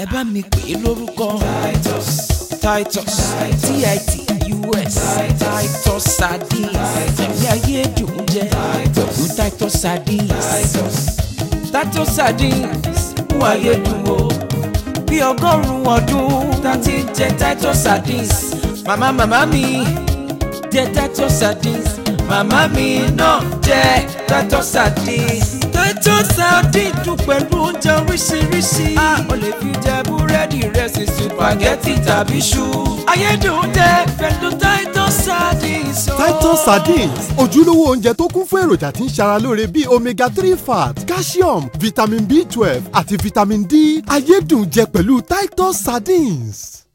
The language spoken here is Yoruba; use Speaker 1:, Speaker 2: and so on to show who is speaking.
Speaker 1: ẹ bá mi pè é lórúkọ Titus Titus T-I-T-U-S Titus sardines ilé ayé dùn jẹ pẹ̀lú
Speaker 2: Titus sardines Titus sardines mú ayé dùn o bí ọgọ́rùn-ún ọdún tá ti Titus sardines màmá màmá mi jẹ Titus sardines màmá mi náà jẹ Titus sardines Titus sardines dùn pẹ̀lú oúnjẹ lóríṣiríṣi. a ò lè fi jẹ búrẹ́dì rẹ sí supagẹ́tì tàbí ṣu. ayédùn jẹ pẹ̀lú Titus sardines.
Speaker 3: Titus sardines
Speaker 4: ojúlówó oúnjẹ tó kún fún èròjà tí ń ṣara lóore bíi omega three fat calcium vitamin b twelve àti vitamin d ayédùn jẹ pẹ̀lú Titus sardines.